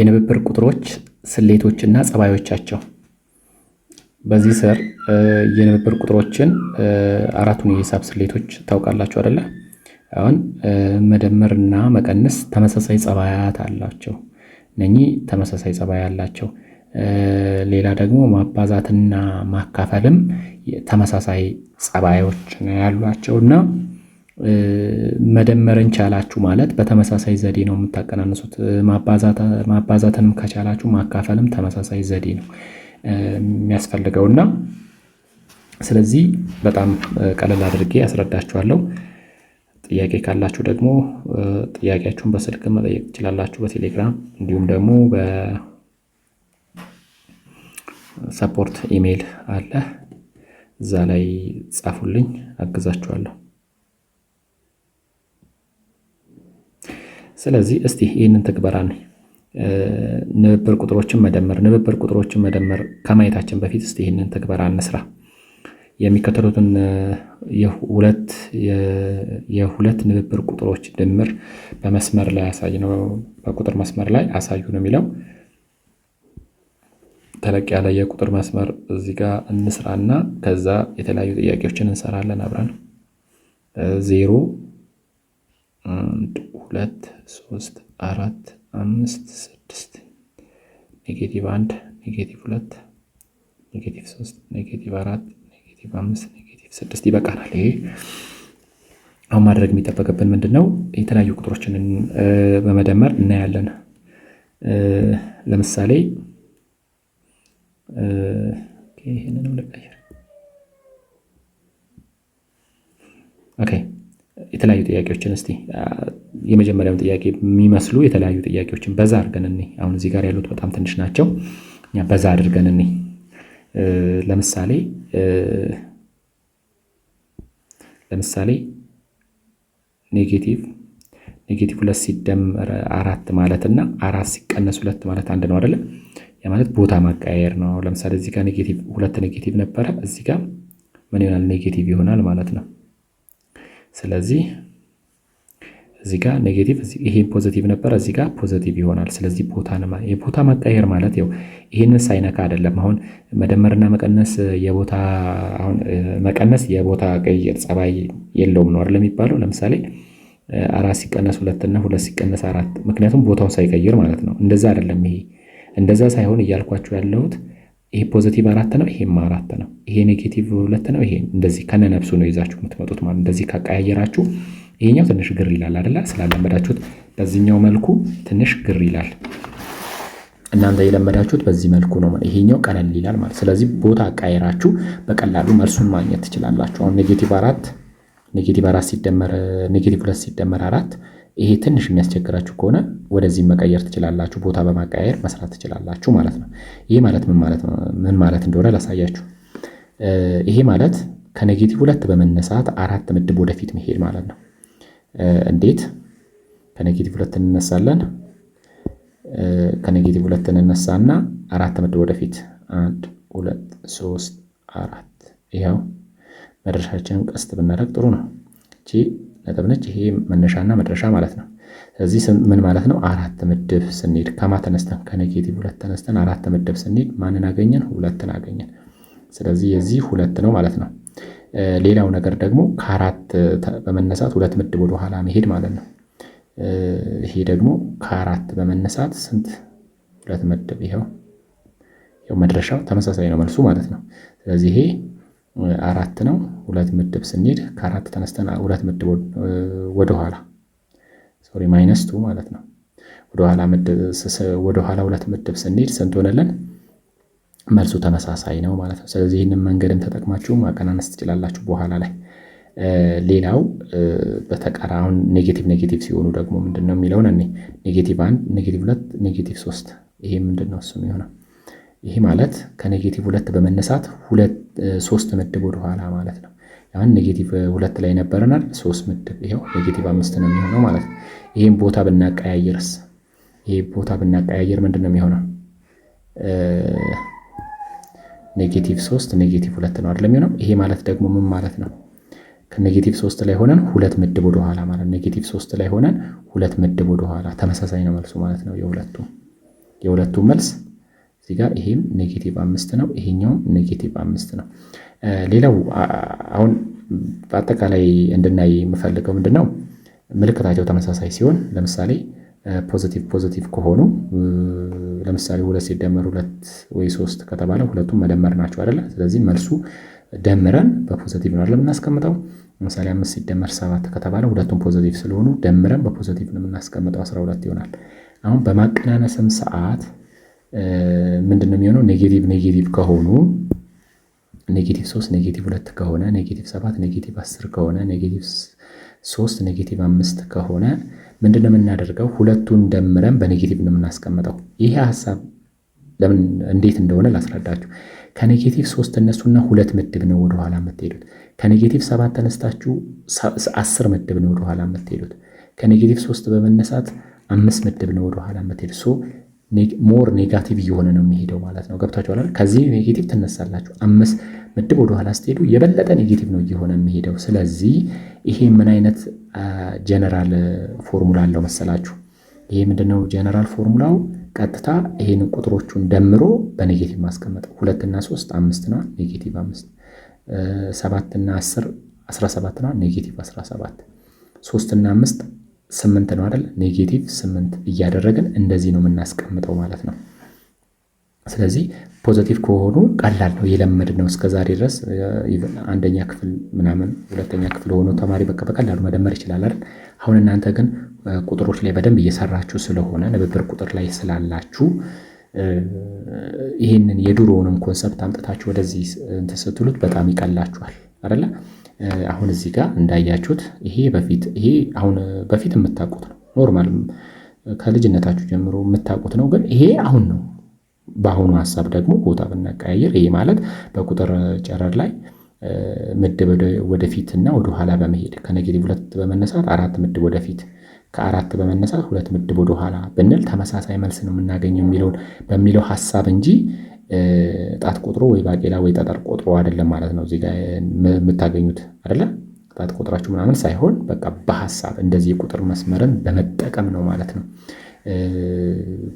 የንብብር ቁጥሮች ስሌቶችና ጸባዮቻቸው በዚህ ስር የንብብር ቁጥሮችን አራቱን የሂሳብ ስሌቶች ታውቃላችሁ አደለ? አሁን መደመርና መቀነስ ተመሳሳይ ጸባያት አላቸው። እነኚህ ተመሳሳይ ጸባይ አላቸው። ሌላ ደግሞ ማባዛትና ማካፈልም ተመሳሳይ ጸባዮች ያሏቸው እና መደመርን ቻላችሁ ማለት በተመሳሳይ ዘዴ ነው የምታቀናንሱት። ማባዛትንም ከቻላችሁ ማካፈልም ተመሳሳይ ዘዴ ነው የሚያስፈልገው እና ስለዚህ በጣም ቀለል አድርጌ ያስረዳችኋለሁ። ጥያቄ ካላችሁ ደግሞ ጥያቄያችሁን በስልክ መጠየቅ ትችላላችሁ፣ በቴሌግራም እንዲሁም ደግሞ በሰፖርት ኢሜይል አለ፣ እዛ ላይ ጻፉልኝ፣ አግዛችኋለሁ። ስለዚህ እስቲ ይህንን ትግበራን ንብብር ቁጥሮችን መደመር ንብብር ቁጥሮችን መደመር ከማየታችን በፊት እስቲ ይህንን ትግበራ እንስራ። የሚከተሉትን የሁለት ንብብር ቁጥሮች ድምር በመስመር ላይ አሳይ ነው። በቁጥር መስመር ላይ አሳዩ ነው የሚለው ተለቅ ያለ የቁጥር መስመር እዚህ ጋር እንስራና ከዛ የተለያዩ ጥያቄዎችን እንሰራለን አብረን ዜሮ ሁለት ሶስት አራት አምስት ስድስት ኔጌቲቭ አንድ ኔጌቲቭ ሁለት ኔጌቲቭ ሶስት ኔጌቲቭ አራት ኔጌቲቭ አምስት ኔጌቲቭ ስድስት ይበቃናል። ይሄ አሁን ማድረግ የሚጠበቅብን ምንድን ነው? የተለያዩ ቁጥሮችን በመደመር እናያለን። ለምሳሌ ይህንንም ልቀይር። ኦኬ የተለያዩ ጥያቄዎችን እስቲ የመጀመሪያውን ጥያቄ የሚመስሉ የተለያዩ ጥያቄዎችን በዛ አድርገን እኔ አሁን እዚህ ጋር ያሉት በጣም ትንሽ ናቸው። በዛ አድርገን እኔ ለምሳሌ ለምሳሌ ኔጌቲቭ ኔጌቲቭ ሁለት ሲደመር አራት ማለት እና አራት ሲቀነስ ሁለት ማለት አንድ ነው አይደለም። ያ ማለት ቦታ ማቀያየር ነው። ለምሳሌ እዚህ ጋር ኔጌቲቭ ሁለት ኔጌቲቭ ነበረ፣ እዚህ ጋር ምን ይሆናል? ኔጌቲቭ ይሆናል ማለት ነው። ስለዚህ እዚህ ጋር ኔጌቲቭ ይሄ ፖዘቲቭ ነበር፣ እዚህ ጋር ፖዘቲቭ ይሆናል። ስለዚህ ቦታ የቦታ መቀየር ማለት ያው ይህንን ሳይነካ አይደለም። አሁን መደመርና መቀነስ የቦታ አሁን መቀነስ የቦታ ቅይጥ ጸባይ የለውም ነው አይደለም የሚባለው። ለምሳሌ አራት ሲቀነስ ሁለት እና ሁለት ሲቀነስ አራት፣ ምክንያቱም ቦታውን ሳይቀይር ማለት ነው። እንደዛ አይደለም ይሄ እንደዛ ሳይሆን እያልኳቸው ያለሁት ይሄ ፖዘቲቭ አራት ነው፣ ይሄም አራት ነው። ይሄ ኔጌቲቭ ሁለት ነው። ይሄ እንደዚህ ከነነፍሱ ነው ይዛችሁ የምትመጡት ማለት እንደዚህ ካቀያየራችሁ ይሄኛው ትንሽ ግር ይላል አይደለ? ስላለመዳችሁት በዚህኛው መልኩ ትንሽ ግር ይላል። እናንተ የለመዳችሁት በዚህ መልኩ ነው። ይሄኛው ቀለል ይላል ማለት ስለዚህ ቦታ አቃየራችሁ በቀላሉ መልሱን ማግኘት ትችላላችሁ። አሁን ኔጌቲቭ አራት ኔጌቲቭ አራት ሲደመር ኔጌቲቭ ሁለት ሲደመር አራት ይሄ ትንሽ የሚያስቸግራችሁ ከሆነ ወደዚህ መቀየር ትችላላችሁ። ቦታ በማቀያየር መስራት ትችላላችሁ ማለት ነው። ይሄ ማለት ምን ማለት እንደሆነ ላሳያችሁ። ይሄ ማለት ከኔጌቲቭ ሁለት በመነሳት አራት ምድብ ወደፊት መሄድ ማለት ነው። እንዴት? ከኔጌቲቭ ሁለት እንነሳለን። ከኔጌቲቭ ሁለት እንነሳና አራት ምድብ ወደፊት አንድ፣ ሁለት፣ ሶስት፣ አራት። ይኸው መድረሻችንን ቀስት ብናደርግ ጥሩ ነው። ነጥብ ነች። ይሄ መነሻና መድረሻ ማለት ነው። ስለዚህ ምን ማለት ነው? አራት ምድብ ስንሄድ ከማ ተነስተን ከኔጌቲቭ ሁለት ተነስተን አራት ምድብ ስንሄድ ማንን አገኘን? ሁለትን አገኘን። ስለዚህ የዚህ ሁለት ነው ማለት ነው። ሌላው ነገር ደግሞ ከአራት በመነሳት ሁለት ምድብ ወደ ኋላ መሄድ ማለት ነው። ይሄ ደግሞ ከአራት በመነሳት ስንት ሁለት ምድብ ይኸው መድረሻው ተመሳሳይ ነው መልሱ ማለት ነው። ስለዚህ ይሄ አራት ነው። ሁለት ምድብ ስንሄድ ከአራት ተነስተን ሁለት ምድብ ወደኋላ ሶሪ ማይነስ ቱ ማለት ነው። ወደኋላ ወደኋላ ሁለት ምድብ ስንሄድ ስንት ሆነለን? መልሱ ተመሳሳይ ነው ማለት ነው። ስለዚህ ይህንን መንገድም ተጠቅማችሁ ማቀናነስ ትችላላችሁ በኋላ ላይ። ሌላው በተቀራ አሁን ኔጌቲቭ ኔጌቲቭ ሲሆኑ ደግሞ ምንድን ነው የሚለውን እኔ ኔጌቲቭ አንድ ኔጌቲቭ ሁለት ኔጌቲቭ ሶስት ይሄ ምንድን ነው እሱም ይሆናል ይሄ ማለት ከኔጌቲቭ ሁለት በመነሳት ሶስት ምድብ ወደኋላ ማለት ነው። ያን ኔጌቲቭ ሁለት ላይ ነበረናል። ሶስት ምድብ ይኸው ኔጌቲቭ አምስት ነው የሚሆነው ማለት ነው። ይህም ቦታ ብናቀያየርስ ይህ ቦታ ብናቀያየር ምንድን ነው የሚሆነው? ኔጌቲቭ ሶስት ኔጌቲቭ ሁለት ነው አይደለም የሚሆነው። ይሄ ማለት ደግሞ ምን ማለት ነው? ከኔጌቲቭ ሶስት ላይ ሆነን ሁለት ምድብ ወደኋላ ማለት ኔጌቲቭ ሶስት ላይ ሆነን ሁለት ምድብ ወደኋላ ተመሳሳይ ነው መልሱ ማለት ነው። የሁለቱም የሁለቱም መልስ እዚህ ጋር ይሄም ኔጌቲቭ አምስት ነው፣ ይሄኛውም ኔጌቲቭ አምስት ነው። ሌላው አሁን በአጠቃላይ እንድናይ የምፈልገው ምንድን ነው ምልክታቸው ተመሳሳይ ሲሆን ለምሳሌ ፖዘቲቭ ፖዘቲቭ ከሆኑ ለምሳሌ ሁለት ሲደመር ሁለት ወይ ሶስት ከተባለ ሁለቱም መደመር ናቸው አይደለ? ስለዚህ መልሱ ደምረን በፖዘቲቭ ነው የምናስቀምጠው። ለምሳሌ አምስት ሲደመር ሰባት ከተባለ ሁለቱም ፖዘቲቭ ስለሆኑ ደምረን በፖዘቲቭ ነው የምናስቀምጠው አስራ ሁለት ይሆናል። አሁን በማቀናነስም ሰዓት ምንድነው የሚሆነው? ኔጌቲቭ ኔጌቲቭ ከሆኑ ኔጌቲቭ ሶስት ኔጌቲቭ ሁለት ከሆነ ኔጌቲቭ ሰባት ኔጌቲቭ አስር ከሆነ ኔጌቲቭ ሶስት ኔጌቲቭ አምስት ከሆነ ምንድን ነው የምናደርገው? ሁለቱን ደምረን በኔጌቲቭ ነው የምናስቀምጠው። ይሄ ሀሳብ ለምን እንዴት እንደሆነ ላስረዳችሁ። ከኔጌቲቭ ሶስት እነሱና ሁለት ምድብ ነው ወደኋላ የምትሄዱት። ከኔጌቲቭ ሰባት ተነስታችሁ አስር ምድብ ነው ወደኋላ የምትሄዱት። ከኔጌቲቭ ሶስት በመነሳት አምስት ምድብ ነው ወደኋላ የምትሄዱት። ሞር ኔጋቲቭ እየሆነ ነው የሚሄደው ማለት ነው። ገብታችኋል አይደል? ከዚህ ኔጌቲቭ ትነሳላችሁ። አምስት ምድብ ወደኋላ ስትሄዱ የበለጠ ኔጌቲቭ ነው እየሆነ የሚሄደው። ስለዚህ ይሄ ምን አይነት ጀነራል ፎርሙላ አለው መሰላችሁ? ይሄ ምንድነው ጀነራል ፎርሙላው? ቀጥታ ይሄንን ቁጥሮቹን ደምሮ በኔጌቲቭ ማስቀመጥ ሁለትና ሶስት አምስትና ኔጌቲቭ አምስት ሰባትና አስር አስራ ሰባትና ኔጌቲቭ አስራ ሰባት ሶስትና አምስት ስምንት ነው አይደል? ኔጌቲቭ ስምንት እያደረግን እንደዚህ ነው የምናስቀምጠው ማለት ነው። ስለዚህ ፖዘቲቭ ከሆኑ ቀላል ነው የለመድ ነው። ዛሬ ድረስ አንደኛ ክፍል ምናምን ሁለተኛ ክፍል ሆኖ ተማሪ በቃ በቀላሉ መደመር ይችላል አይደል? አሁን እናንተ ግን ቁጥሮች ላይ በደንብ እየሰራችሁ ስለሆነ ንብብር ቁጥር ላይ ስላላችሁ ይህንን የድሮውንም ኮንሰፕት አምጥታችሁ ወደዚህ ስትሉት በጣም ይቀላችኋል አይደለ? አሁን እዚህ ጋር እንዳያችሁት ይሄ በፊት ይሄ አሁን በፊት የምታውቁት ነው። ኖርማል ከልጅነታችሁ ጀምሮ የምታውቁት ነው። ግን ይሄ አሁን ነው። በአሁኑ ሀሳብ ደግሞ ቦታ ብናቀያየር ይሄ ማለት በቁጥር ጨረር ላይ ምድብ ወደፊትና ወደኋላ በመሄድ ከኔጌቲቭ ሁለት በመነሳት አራት ምድብ ወደፊት ከአራት በመነሳት ሁለት ምድብ ወደኋላ ብንል ተመሳሳይ መልስ ነው የምናገኘው የሚለውን በሚለው ሀሳብ እንጂ ጣት ቁጥሩ ወይ ባቄላ ወይ ጠጠር ቁጥሩ አይደለም ማለት ነው። እዚህ ጋር የምታገኙት አይደለ ጣት ቁጥራችሁ ምናምን ሳይሆን በቃ በሀሳብ እንደዚህ የቁጥር መስመርን በመጠቀም ነው ማለት ነው።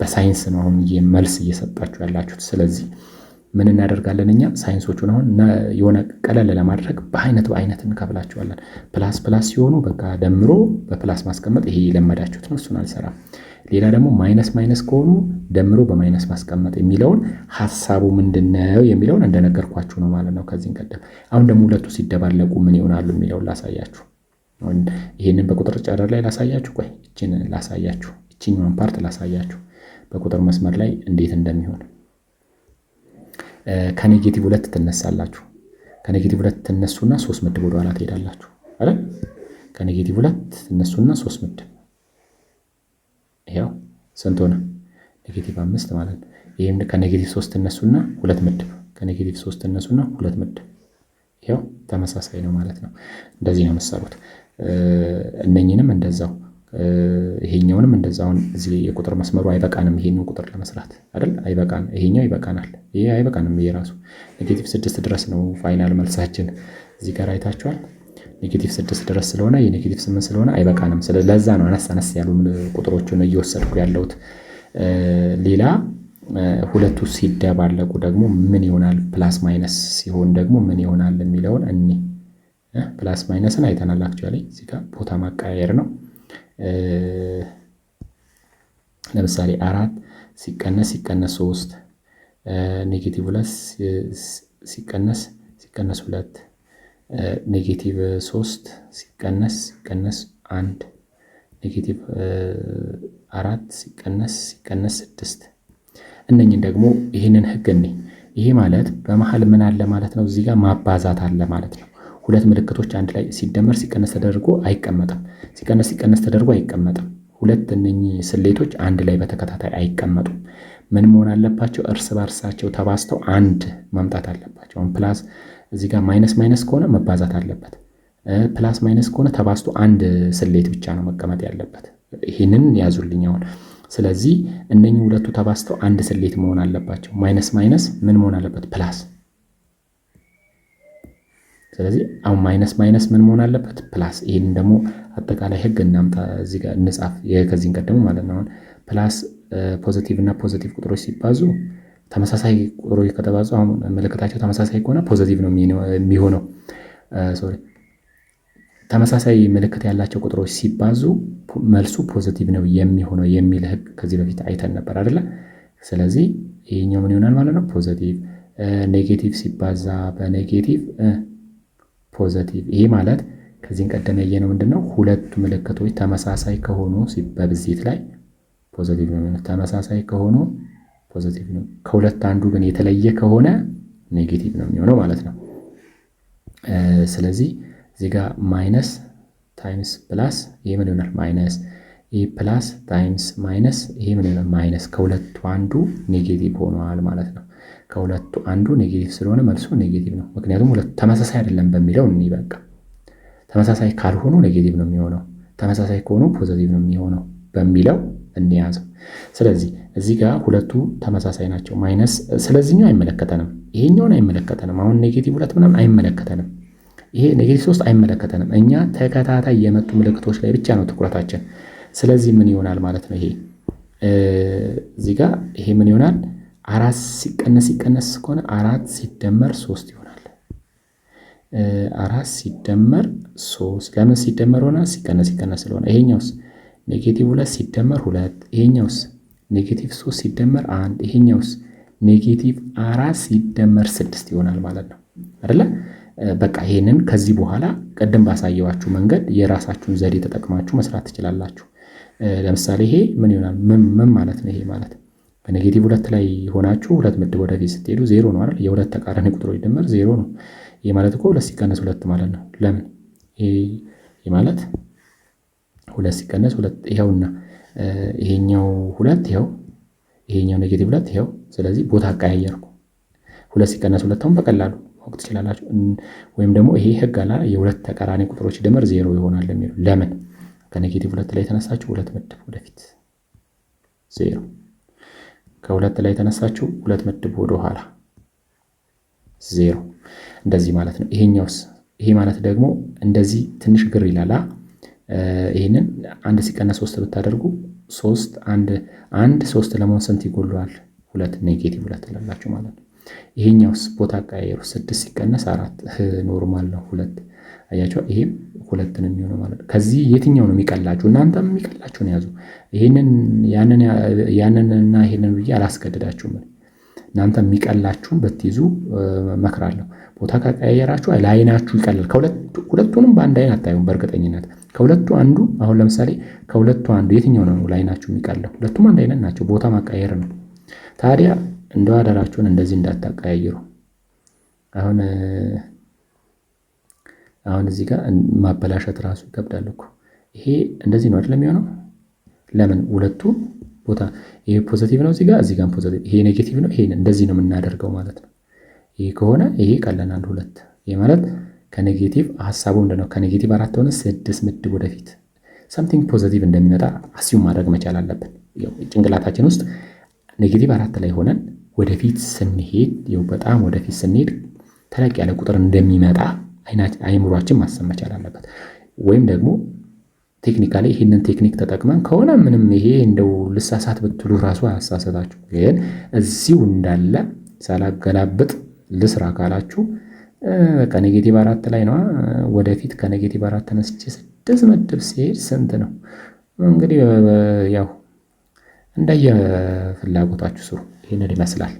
በሳይንስ ነው አሁን መልስ እየሰጣችሁ ያላችሁት። ስለዚህ ምን እናደርጋለን እኛ ሳይንሶቹን አሁን የሆነ ቀለል ለማድረግ በአይነት በአይነት እንከፍላችኋለን። ፕላስ ፕላስ ሲሆኑ በቃ ደምሮ በፕላስ ማስቀመጥ ይሄ የለመዳችሁት ነው። እሱን አልሰራም። ሌላ ደግሞ ማይነስ ማይነስ ከሆኑ ደምሮ በማይነስ ማስቀመጥ የሚለውን ሀሳቡ ምንድነው የሚለውን እንደነገርኳችሁ ነው ማለት ነው ከዚህ ቀደም። አሁን ደግሞ ሁለቱ ሲደባለቁ ምን ይሆናሉ የሚለውን ላሳያችሁ። ይህንን በቁጥር ጨረር ላይ ላሳያችሁ። ቆይ እችን ላሳያችሁ፣ እችኛዋን ፓርት ላሳያችሁ በቁጥር መስመር ላይ እንዴት እንደሚሆን ከኔጌቲቭ ሁለት ትነሳላችሁ። ከኔጌቲቭ ሁለት ትነሱና ሶስት ምድብ ወደኋላ ትሄዳላችሁ አይደል? ከኔጌቲቭ ሁለት ትነሱና ሶስት ምድብ ይኸው ስንት ሆነ? ኔጌቲቭ አምስት ማለት ነው። ይህም ከኔጌቲቭ ሶስት እነሱና ሁለት ምድብ ከኔጌቲቭ ሶስት እነሱና ሁለት ምድብ ይኸው ተመሳሳይ ነው ማለት ነው። እንደዚህ ነው የምትሰሩት። እነኝንም እንደዛው ይሄኛውንም እንደዛውን እዚህ የቁጥር መስመሩ አይበቃንም። ይሄንን ቁጥር ለመስራት አይደል አይበቃን። ይሄኛው ይበቃናል፣ ይሄ አይበቃንም። የራሱ ኔጌቲቭ ስድስት ድረስ ነው ፋይናል መልሳችን። እዚህ ጋር አይታችኋል። ኔጌቲቭ ስድስት ድረስ ስለሆነ የኔጌቲቭ ስምንት ስለሆነ አይበቃንም። ለዛ ነው አነስ አነስ ያሉ ቁጥሮችን እየወሰድኩ ያለሁት። ሌላ ሁለቱ ሲደባለቁ ደግሞ ምን ይሆናል፣ ፕላስ ማይነስ ሲሆን ደግሞ ምን ይሆናል የሚለውን እኔ ፕላስ ማይነስን አይተናል። አክቹዋሊ እዚህ ጋር ቦታ ማቀያየር ነው። ለምሳሌ አራት ሲቀነስ ሲቀነስ ሶስት ኔጌቲቭ ሁለት ሲቀነስ ሲቀነስ ሁለት ኔጌቲቭ ሶስት ሲቀነስ ሲቀነስ አንድ ኔጌቲቭ አራት ሲቀነስ ሲቀነስ ስድስት እነኝን ደግሞ ይህንን ህግ እኔ ይሄ ማለት በመሀል ምን አለ ማለት ነው? እዚህ ጋር ማባዛት አለ ማለት ነው። ሁለት ምልክቶች አንድ ላይ ሲደመር ሲቀነስ ተደርጎ አይቀመጥም። ሲቀነስ ሲቀነስ ተደርጎ አይቀመጥም። ሁለት እነኚህ ስሌቶች አንድ ላይ በተከታታይ አይቀመጡም። ምን መሆን አለባቸው? እርስ በርሳቸው ተባዝተው አንድ መምጣት አለባቸው። ፕላስ እዚህ ጋር ማይነስ ማይነስ ከሆነ መባዛት አለበት። ፕላስ ማይነስ ከሆነ ተባዝቶ አንድ ስሌት ብቻ ነው መቀመጥ ያለበት። ይህንን ያዙልኝ አሁን። ስለዚህ እነኚህ ሁለቱ ተባዝተው አንድ ስሌት መሆን አለባቸው። ማይነስ ማይነስ ምን መሆን አለበት? ፕላስ። ስለዚህ አሁን ማይነስ ማይነስ ምን መሆን አለበት? ፕላስ። ይህን ደግሞ አጠቃላይ ህግ እናምጣ እዚህ ጋር እንጻፍ፣ ከዚህን ቀደሙ ማለት ነው። ፕላስ ፖዘቲቭ እና ፖዘቲቭ ቁጥሮች ሲባዙ ተመሳሳይ ቁጥሮ ከተባዙ መለከታቸው ተመሳሳይ ከሆነ ፖዘቲቭ ነው የሚሆነው። ተመሳሳይ ምልክት ያላቸው ቁጥሮች ሲባዙ መልሱ ፖዘቲቭ ነው የሚሆነው የሚል ህግ ከዚህ በፊት አይተን ነበር አይደለ? ስለዚህ ይህኛው ምን ይሆናል ማለት ነው? ፖዘቲቭ። ኔጌቲቭ ሲባዛ በኔጌቲቭ ፖዘቲቭ። ይሄ ማለት ከዚህን ቀደም ያየነው ምንድነው? ሁለቱ ምልክቶች ተመሳሳይ ከሆኑ በብዜት ላይ ፖዘቲቭ ነው። ተመሳሳይ ከሆኑ ፖዘቲቭ ነው። ከሁለት አንዱ ግን የተለየ ከሆነ ኔጌቲቭ ነው የሚሆነው ማለት ነው። ስለዚህ እዚህ ጋር ማይነስ ታይምስ ፕላስ ይሄ ምን ይሆናል? ማይነስ ይሄ ፕላስ ታይምስ ማይነስ ይሄ ምን ይሆናል? ማይነስ ከሁለቱ አንዱ ኔጌቲቭ ሆነዋል ማለት ነው። ከሁለቱ አንዱ ኔጌቲቭ ስለሆነ መልሱ ኔጌቲቭ ነው። ምክንያቱም ሁለቱ ተመሳሳይ አይደለም በሚለው እኒ ተመሳሳይ ካልሆኑ ኔጌቲቭ ነው የሚሆነው፣ ተመሳሳይ ከሆኑ ፖዘቲቭ ነው የሚሆነው በሚለው እንያዘው። ስለዚህ እዚህ ጋር ሁለቱ ተመሳሳይ ናቸው። ማይነስ ስለዚህኛው አይመለከተንም፣ ይሄኛውን አይመለከተንም። አሁን ኔጌቲቭ ሁለት ምናምን አይመለከተንም፣ ይሄ ኔጌቲቭ ሶስት አይመለከተንም። እኛ ተከታታይ የመጡ ምልክቶች ላይ ብቻ ነው ትኩረታችን። ስለዚህ ምን ይሆናል ማለት ነው ይሄ እዚህ ጋር ይሄ ምን ይሆናል? አራት ሲቀነስ ሲቀነስ ከሆነ አራት ሲደመር ሶስት ይሆናል። አራት ሲደመር ሶስት ለምን ሲደመር ሆነ? ሲቀነስ ሲቀነስ ስለሆነ ይሄኛውስ ኔጌቲቭ ሁለት ሲደመር ሁለት ይሄኛውስ ኔጌቲቭ ሶስት ሲደመር አንድ ይሄኛውስ ኔጌቲቭ 4 ሲደመር ስድስት ይሆናል ማለት ነው አይደለ? በቃ ይሄንን ከዚህ በኋላ ቅድም ባሳየዋችሁ መንገድ የራሳችሁን ዘዴ ተጠቅማችሁ መስራት ትችላላችሁ። ለምሳሌ ይሄ ምን ይሆናል? ምን ማለት ነው? ይሄ ማለት በኔጌቲቭ ሁለት ላይ ሆናችሁ ሁለት ምድብ ወደፊት ስትሄዱ ዜሮ ነው አይደል? የሁለት ተቃራኒ ቁጥሮች ድምር ዜሮ ነው። ይሄ ማለት እኮ ሁለት ሲቀነስ ሁለት ማለት ነው። ለምን ይሄ ማለት ሁለት ሲቀነስ ሁለት ይኸውና፣ ይሄኛው ሁለት ይኸው፣ ይሄኛው ኔጌቲቭ ሁለት ይኸው። ስለዚህ ቦታ አቀያየርኩ። ሁለት ሲቀነስ ሁለት አሁን በቀላሉ ማወቅ ትችላላችሁ። ወይም ደግሞ ይሄ ህግ አላ የሁለት ተቃራኒ ቁጥሮች ድምር ዜሮ ይሆናል የሚሉ ለምን ከኔጌቲቭ ሁለት ላይ የተነሳችሁ ሁለት ምድብ ወደፊት ዜሮ፣ ከሁለት ላይ የተነሳችሁ ሁለት ምድብ ወደኋላ ዜሮ። እንደዚህ ማለት ነው። ይሄኛውስ ይሄ ማለት ደግሞ እንደዚህ ትንሽ ግር ይላላ ይህንን አንድ ሲቀነስ ሶስት ብታደርጉ ሶስት አንድ አንድ ሶስት ለመሆን ስንት ይጎለዋል? ሁለት ኔጌቲቭ ሁለት ትላላችሁ ማለት ነው። ይሄኛው ቦታ አቀያየሩ ስድስት ሲቀነስ አራት ኖርማል ነው ሁለት አያቸው። ይሄም ሁለት ነው የሚሆነው ማለት ነው። ከዚህ የትኛው ነው የሚቀላችሁ? እናንተም የሚቀላችሁን ያዙ። ይህንን ያንንና ይህንን ብዬ አላስገድዳችሁም። እናንተ የሚቀላችሁን ብትይዙ መክራለሁ። ቦታ ከቀያየራችሁ ለአይናችሁ ይቀላል። ሁለቱንም በአንድ አይን አታዩም። በእርግጠኝነት ከሁለቱ አንዱ አሁን ለምሳሌ ከሁለቱ አንዱ የትኛው ነው ለአይናችሁ የሚቀለው? ሁለቱም አንድ አይነት ናቸው። ቦታ ማቀያየር ነው። ታዲያ እንደ አደራችሁን እንደዚህ እንዳታቀያይሩ። አሁን አሁን እዚህ ጋር ማበላሸት ራሱ ይከብዳል እኮ። ይሄ እንደዚህ ነው አይደለም የሚሆነው። ለምን ሁለቱ ቦታ ይሄ ፖዘቲቭ ነው እዚጋ ጋር ፖዘቲቭ፣ ይሄ ኔጌቲቭ ነው። ይሄን እንደዚህ ነው የምናደርገው ማለት ነው። ይሄ ከሆነ ይሄ ቀለን አንድ ሁለት። ይሄ ማለት ከኔጌቲቭ ሀሳቡ ምንድን ነው? ከኔጌቲቭ አራት ሆነ ስድስት ምድብ ወደፊት ሰምቲንግ ፖዘቲቭ እንደሚመጣ አስዩም ማድረግ መቻል አለብን። ጭንቅላታችን ውስጥ ኔጌቲቭ አራት ላይ ሆነን ወደፊት ስንሄድ ይኸው በጣም ወደፊት ስንሄድ ተለቅ ያለ ቁጥር እንደሚመጣ አይምሯችን ማሰብ መቻል አለበት ወይም ደግሞ ቴክኒካሊ ይህንን ቴክኒክ ተጠቅመን ከሆነ ምንም ይሄ እንደው ልሳሳት ብትሉ ራሱ አያሳሰታችሁ። ግን እዚሁ እንዳለ ሳላገላብጥ ልስራ ካላችሁ በቃ ኔጌቲቭ አራት ላይ ነዋ። ወደፊት ከኔጌቲቭ አራት ተነስቼ ስድስት ምድብ ሲሄድ ስንት ነው? እንግዲህ ያው እንደየ ፍላጎታችሁ ስሩ። ይህንን ይመስላል።